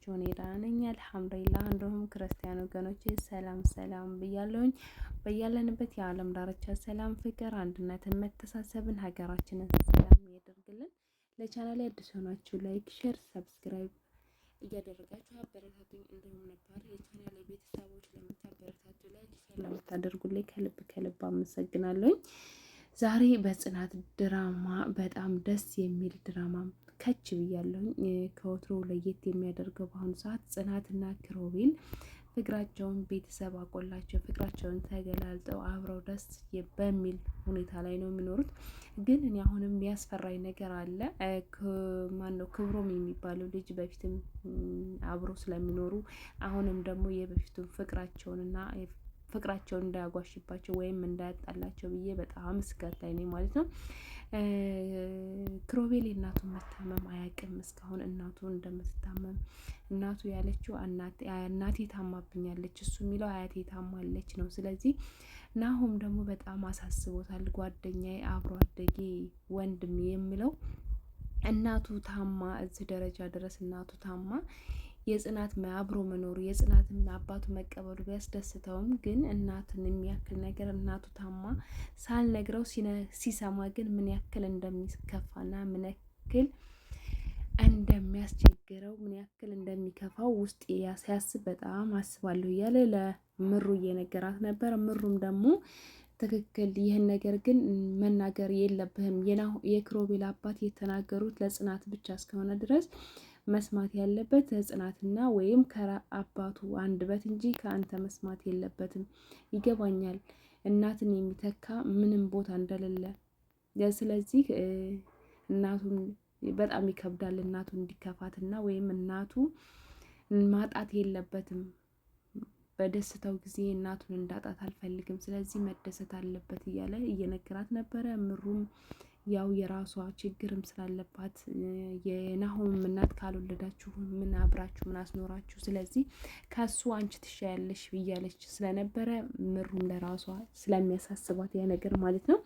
ናችሁ? እኔ ደህና ነኝ አልሐምዱሊላህ። እንደውም ክርስቲያን ወገኖቼ ሰላም ሰላም ብያለሁኝ። በያለንበት የዓለም ዳርቻ ሰላም፣ ፍቅር፣ አንድነትን፣ መተሳሰብን ሀገራችንን ሰላም ያደርግልን። ለቻናሌ አዲስ ሆናችሁ ላይክ፣ ሼር፣ ሰብስክራይብ እያደረጋችሁ አበረታቱኝ። እንዲሁም ነበር የቻናሌ ቤተሰቦች ለምታበረታቱ ላይክ፣ ሼር ለምታደርጉልኝ ከልብ ከልብ አመሰግናለሁኝ። ዛሬ በጽናት ድራማ በጣም ደስ የሚል ድራማ ከች ብያለሁኝ። ከወትሮ ለየት የሚያደርገው በአሁኑ ሰዓት ጽናትና ክሮቤል ፍቅራቸውን ቤተሰብ አቆላቸው ፍቅራቸውን ተገላልጠው አብረው ደስ በሚል ሁኔታ ላይ ነው የሚኖሩት። ግን እኔ አሁንም የሚያስፈራኝ ነገር አለ። ማን ነው ክብሮም የሚባለው ልጅ በፊትም አብሮ ስለሚኖሩ አሁንም ደግሞ የበፊቱን ፍቅራቸውንና ፍቅራቸውን እንዳያጓሽባቸው ወይም እንዳያጣላቸው ብዬ በጣም ስጋት ላይ ነኝ ማለት ነው። ክሮቤል የእናቱን መታመም አያውቅም። እስካሁን እናቱ እንደምትታመም እናቱ ያለችው እናቴ ታማብኛለች፣ እሱ የሚለው አያቴ ታማለች ነው። ስለዚህ ናሆም ደግሞ በጣም አሳስቦታል። ጓደኛ አብሮ አደጌ፣ ወንድም የሚለው እናቱ ታማ እዚህ ደረጃ ድረስ እናቱ ታማ የጽናት አብሮ መኖሩ የጽናትን አባቱ መቀበሉ ቢያስደስተውም ግን እናትን የሚያክል ነገር እናቱ ታማ ሳልነግረው ሲሰማ ግን ምን ያክል እንደሚከፋና ምን ያክል እንደሚያስቸግረው ምን ያክል እንደሚከፋው ውስጥ ሲያስብ በጣም አስባለሁ እያለ ለምሩ እየነገራት ነበር። ምሩም ደግሞ ትክክል ይህን ነገር ግን መናገር የለብህም የክሮቤል አባት የተናገሩት ለጽናት ብቻ እስከሆነ ድረስ መስማት ያለበት ህጽናትና ወይም ከአባቱ አንደበት እንጂ ከአንተ መስማት የለበትም። ይገባኛል እናትን የሚተካ ምንም ቦታ እንደሌለ። ስለዚህ እናቱን በጣም ይከብዳል። እናቱ እንዲከፋትና ወይም እናቱ ማጣት የለበትም። በደስታው ጊዜ እናቱን እንዳጣት አልፈልግም። ስለዚህ መደሰት አለበት እያለ እየነገራት ነበረ ምሩም ያው የራሷ ችግርም ስላለባት የናሆም እናት ካልወለዳችሁ ምን አብራችሁ ምን አስኖራችሁ፣ ስለዚህ ከሱ አንቺ ትሻያለሽ ብያለች ስለነበረ ምሩም ለራሷ ስለሚያሳስባት ያ ነገር ማለት ነው።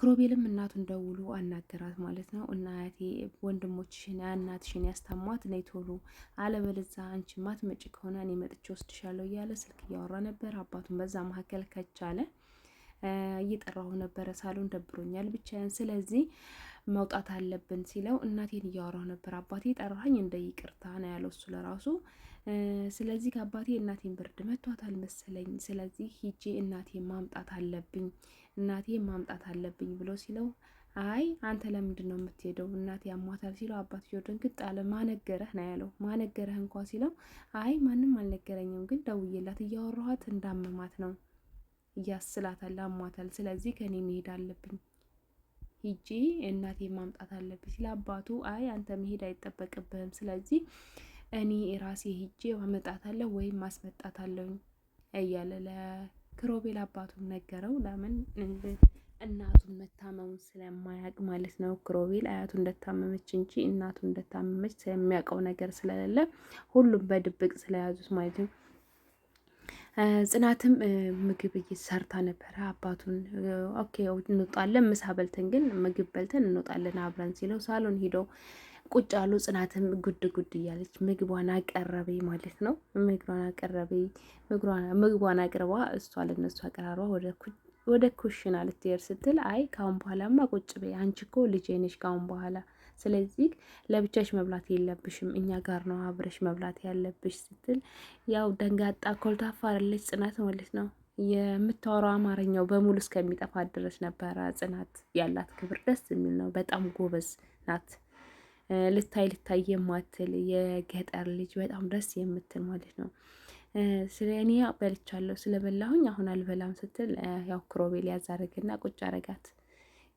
ክሮቤልም እናቱን ደውሎ አናገራት ማለት ነው። እናቴ ወንድሞችሽን እናትሽን ያስታሟት ነይ ቶሎ፣ አለበለዛ አንቺ ማትመጪ ከሆነ እኔ መጥቼ ወስድሻለሁ እያለ ስልክ እያወራ ነበር። አባቱን በዛ መካከል ከቻለ እየጠራሁ ነበረ፣ ሳሎን ደብሮኛል ብቻዬን፣ ስለዚህ መውጣት አለብን ሲለው እናቴን እያወራሁ ነበር፣ አባቴ ጠራኝ፣ እንደ ይቅርታ ነው ያለው እሱ ለራሱ። ስለዚህ ከአባቴ እናቴን ብርድ መቷታል መሰለኝ፣ ስለዚህ ሂጄ እናቴን ማምጣት አለብኝ፣ እናቴን ማምጣት አለብኝ ብሎ ሲለው አይ አንተ ለምንድን ነው የምትሄደው? እናቴ አሟታል ሲለው አባትየው ድንግጥ አለ። ማነገረህ ነው ያለው። ማነገረህ እንኳ ሲለው አይ ማንም አልነገረኝም፣ ግን ደውዬላት እያወራኋት እንዳመማት ነው እያስላታል፣ አሟታል። ስለዚህ ከኔ መሄድ አለብኝ ሂጂ እናቴ ማምጣት አለብኝ ሲል አባቱ አይ አንተ መሄድ አይጠበቅብህም፣ ስለዚህ እኔ ራሴ ሂጄ አመጣታለሁ ወይም ማስመጣታለሁ እያለ ለክሮቤል አባቱን ነገረው። ለምን እናቱን መታመሙን ስለማያውቅ ማለት ነው። ክሮቤል አያቱ እንደታመመች እንጂ እናቱ እንደታመመች ስለሚያውቀው ነገር ስለሌለ ሁሉም በድብቅ ስለያዙት ማለት ነው። ጽናትም ምግብ እየሰርታ ነበረ። አባቱን ኦኬ እንወጣለን፣ ምሳ በልተን ግን ምግብ በልተን እንወጣለን አብረን ሲለው ሳሎን ሂደው ቁጭ አሉ። ጽናትም ጉድ ጉድ እያለች ምግቧን አቀረበ ማለት ነው። ምግቧን አቀረበ፣ ምግቧን አቅርባ እሷ ለነሱ አቀራሯ ወደ ወደ ኩሽና ልትሄድ ስትል አይ ካሁን በኋላማ ቁጭ በይ አንቺ እኮ ልጄ ነሽ ካሁን በኋላ ስለዚህ ለብቻሽ መብላት የለብሽም እኛ ጋር ነው አብረሽ መብላት ያለብሽ ስትል ያው ደንጋጣ ኮልታፋ አለች ጽናት ማለት ነው። የምታወራው አማርኛው በሙሉ እስከሚጠፋ ድረስ ነበረ። ጽናት ያላት ክብር ደስ የሚል ነው። በጣም ጎበዝ ናት። ልታይ ልታይ የማትል የገጠር ልጅ በጣም ደስ የምትል ማለት ነው። ስለ እኔ በልቻለሁ ስለበላሁኝ አሁን አልበላም ስትል ያው ክሮቤል ያዛረግና ቁጭ አረጋት።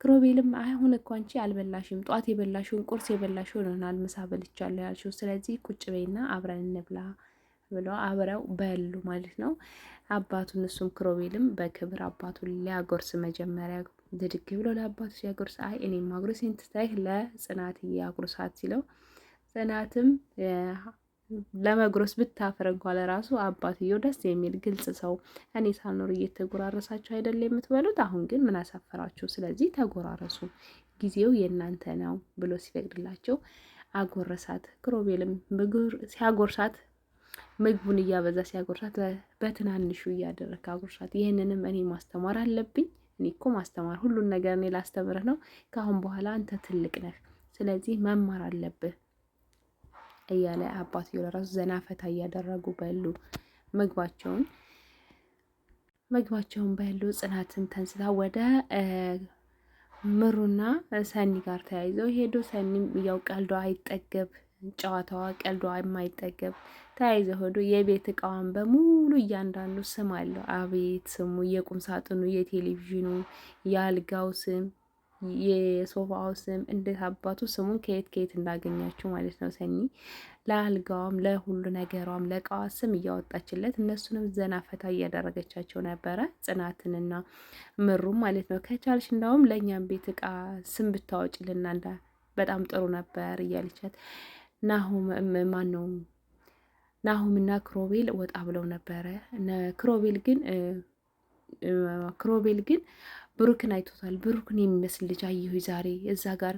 ክሮቤልም አሁን እኮ አንቺ አልበላሽም፣ ጠዋት የበላሽውን ቁርስ የበላሽውን ይሆናል ምሳ በልቻለሁ ያልሽው፣ ስለዚህ ቁጭ በይና አብረን እንብላ ብሎ አብረው በሉ ማለት ነው። አባቱን እሱም ክሮቤልም በክብር አባቱን ሊያጎርስ መጀመሪያ ድድግ ብሎ ለአባቱ ሲያጎርስ፣ አይ እኔም ማጉረሴን ትተህ ለጽናት እያጉርሳት ሲለው ጽናትም ለመጉረስ ብታፈር እንኳ ለራሱ አባትየው ደስ የሚል ግልጽ ሰው፣ እኔ ሳልኖር እየተጎራረሳችሁ አይደለ የምትበሉት? አሁን ግን ምን አሳፈራችሁ? ስለዚህ ተጎራረሱ፣ ጊዜው የእናንተ ነው ብሎ ሲፈቅድላቸው አጎረሳት። ክሮቤልም ሲያጎርሳት ምግቡን እያበዛ ሲያጎርሳት፣ በትናንሹ እያደረገ አጎርሳት። ይህንንም እኔ ማስተማር አለብኝ። እኔ እኮ ማስተማር ሁሉን ነገር እኔ ላስተምርህ ነው። ከአሁን በኋላ አንተ ትልቅ ነህ፣ ስለዚህ መማር አለብህ እያለ አባትየው ለራሱ ዘና እያደረጉ በሉ ምግባቸውን ምግባቸውን በሉ። ጽናትን ተንስታ ወደ ምሩና ሰኒ ጋር ተያይዘው ሄዱ። ሰኒም ያው ቀልዷ አይጠገብ ጨዋታዋ ቀልዷ የማይጠገብ ተያይዘው ሄዱ። የቤት እቃዋን በሙሉ እያንዳንዱ ስም አለው። አቤት ስሙ! የቁም ሳጥኑ፣ የቴሌቪዥኑ፣ የአልጋው ስም የሶፋው ስም እንዴት አባቱ ስሙን ከየት ከየት እንዳገኛችው ማለት ነው። ሰኒ ለአልጋዋም፣ ለሁሉ ነገሯም፣ ለእቃዋ ስም እያወጣችለት እነሱንም ዘና ፈታ እያደረገቻቸው ነበረ፣ ጽናትንና ምሩም ማለት ነው። ከቻልሽ እንዳውም ለእኛም ቤት እቃ ስም ብታወጭልና እንዳ በጣም ጥሩ ነበር እያለቻት ናሁም ማን ነው ናሁምና ክሮቤል ወጣ ብለው ነበረ። ክሮቤል ግን ክሮቤል ግን ብሩክን አይቶታል። ብሩክን የሚመስል ልጅ አየሁ ዛሬ እዛ ጋር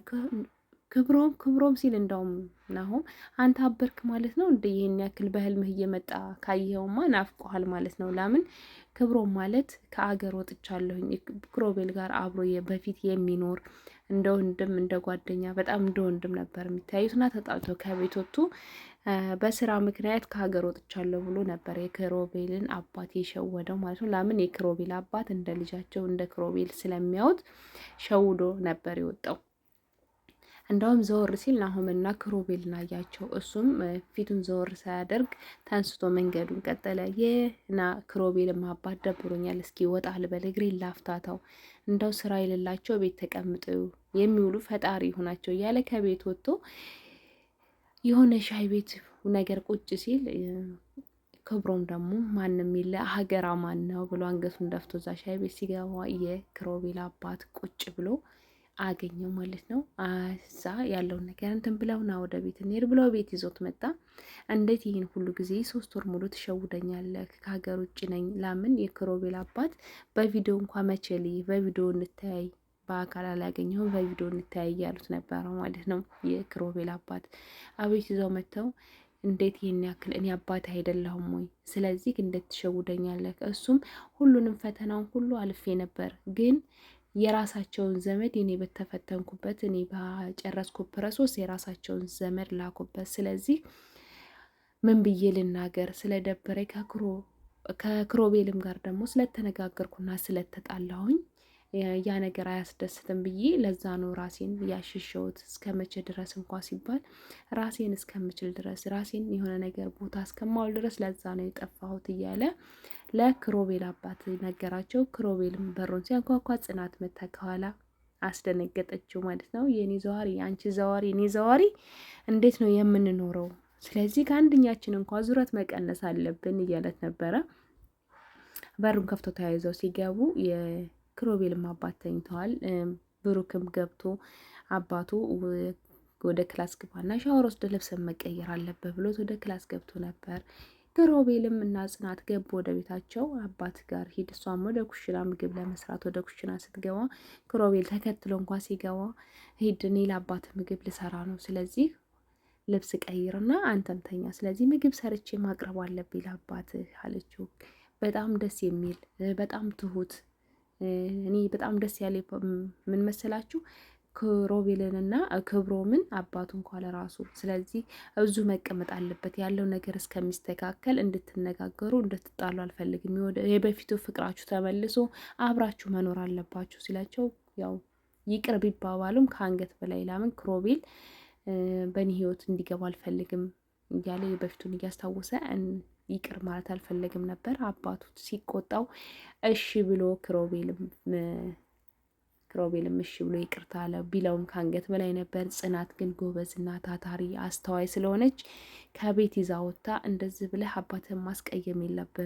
ክብሮም ክብሮም ሲል እንደውም ናሆም አንተ አበርክ ማለት ነው እንደ ይህን ያክል በህልምህ እየመጣ ካየኸውማ ናፍቆሃል ማለት ነው። ላምን ክብሮም ማለት ከአገር ወጥቻለሁኝ ክሮቤል ጋር አብሮ በፊት የሚኖር እንደ ወንድም እንደ ጓደኛ በጣም እንደ ወንድም ነበር የሚታዩትና ተጣልቶ ከቤት ወጥቶ በስራ ምክንያት ከሀገር ወጥቻለሁ ብሎ ነበር የክሮቤልን አባት የሸወደው ማለት ነው። ለምን የክሮቤል አባት እንደ ልጃቸው እንደ ክሮቤል ስለሚያውት ሸውዶ ነበር የወጣው። እንደውም ዘወር ሲል ናሆምና ክሮቤል ናያቸው። እሱም ፊቱን ዘወር ሳያደርግ ተንስቶ መንገዱን ቀጠለ። ይህና ክሮቤል አባት ደብሮኛል፣ እስኪ ወጣ ልበል፣ እግሬ ላፍታታው፣ እንደው ስራ የሌላቸው ቤት ተቀምጠው የሚውሉ ፈጣሪ ይሁናቸው እያለ ከቤት ወጥቶ የሆነ ሻይ ቤት ነገር ቁጭ ሲል ክብሮም ደግሞ ማንም የለ ሀገራ ማን ነው ብሎ አንገቱን ደፍቶ እዛ ሻይ ቤት ሲገባ የክሮቤል አባት ቁጭ ብሎ አገኘው ማለት ነው። እዛ ያለውን ነገር እንትን ብለው ና ወደ ቤት እንሄድ ብለው ቤት ይዞት መጣ። እንዴት ይህን ሁሉ ጊዜ ሶስት ወር ሙሉ ትሸውደኛለህ? ከሀገር ውጭ ነኝ። ለምን የክሮቤል አባት በቪዲዮ እንኳ መቼ ልይ በቪዲዮ እንተያይ በአካል አላገኘሁም፣ በቪዲዮ እንተያይ ያሉት ነበረው ማለት ነው። የክሮቤል አባት አቤት ይዘው መጥተው እንዴት ይህን ያክል እኔ አባት አይደለሁም ወይ? ስለዚህ እንዴት ትሸውደኛለህ? እሱም ሁሉንም ፈተናውን ሁሉ አልፌ ነበር ግን የራሳቸውን ዘመድ እኔ በተፈተንኩበት እኔ በጨረስኩ ፕረሶስ የራሳቸውን ዘመድ ላኩበት። ስለዚህ ምን ብዬ ልናገር? ስለደበረኝ ከክሮቤልም ጋር ደግሞ ስለተነጋገርኩና ስለተጣላሁኝ ያ ነገር አያስደስትም ብዬ ለዛ ነው ራሴን ያሸሸሁት። እስከ መቼ ድረስ እንኳ ሲባል ራሴን እስከምችል ድረስ ራሴን የሆነ ነገር ቦታ እስከማውል ድረስ ለዛ ነው የጠፋሁት እያለ ለክሮቤል አባት ነገራቸው። ክሮቤል በሩን ሲያንኳኳ ጽናት መታ ከኋላ አስደነገጠችው ማለት ነው። የኔ ዘዋሪ፣ የአንቺ ዘዋሪ፣ እኔ ዘዋሪ፣ እንዴት ነው የምንኖረው? ስለዚህ ከአንድኛችን እንኳ ዙረት መቀነስ አለብን እያለት ነበረ። በሩን ከፍቶ ተያይዘው ሲገቡ ክሮቤልም አባት ተኝተዋል። ብሩክም ገብቶ አባቱ ወደ ክላስ ግባና ሻወር ወስደ ልብስ መቀየር አለበት ብሎት ወደ ክላስ ገብቶ ነበር። ክሮቤልም እና ጽናት ገቡ ወደ ቤታቸው አባት ጋር ሂድ፣ እሷም ወደ ኩሽና ምግብ ለመስራት ወደ ኩሽና ስትገባ ክሮቤል ተከትሎ እንኳ ሲገባ ሂድ፣ እኔ ለአባት ምግብ ልሰራ ነው፣ ስለዚህ ልብስ ቀይርና አንተም ተኛ፣ ስለዚህ ምግብ ሰርቼ ማቅረብ አለብኝ ለአባትህ አለችው። በጣም ደስ የሚል በጣም ትሁት እኔ በጣም ደስ ያለ ምን መሰላችሁ? እና ክብሮምን አባቱ ኳለ ለራሱ ስለዚህ እዙ መቀመጥ አለበት ያለው ነገር እስከሚስተካከል እንድትነጋገሩ እንድትጣሉ አልፈልግም። የበፊቱ ፍቅራችሁ ተመልሶ አብራችሁ መኖር አለባችሁ ሲላቸው ያው ይቅር ቢባባሉም ከአንገት በላይ ላምን ክሮቤል በእኔ ህይወት እንዲገባ አልፈልግም እያለ የበፊቱን እያስታወሰ ይቅር ማለት አልፈለግም ነበር። አባቱ ሲቆጣው እሺ ብሎ ክሮቤልም እሺ ብሎ ይቅርታ አለ። ቢለውም ከአንገት በላይ ነበር። ጽናት ግን ጎበዝና ታታሪ አስተዋይ ስለሆነች ከቤት ይዛ ወጥታ እንደዚህ ብለህ አባትህን ማስቀየም የለብህም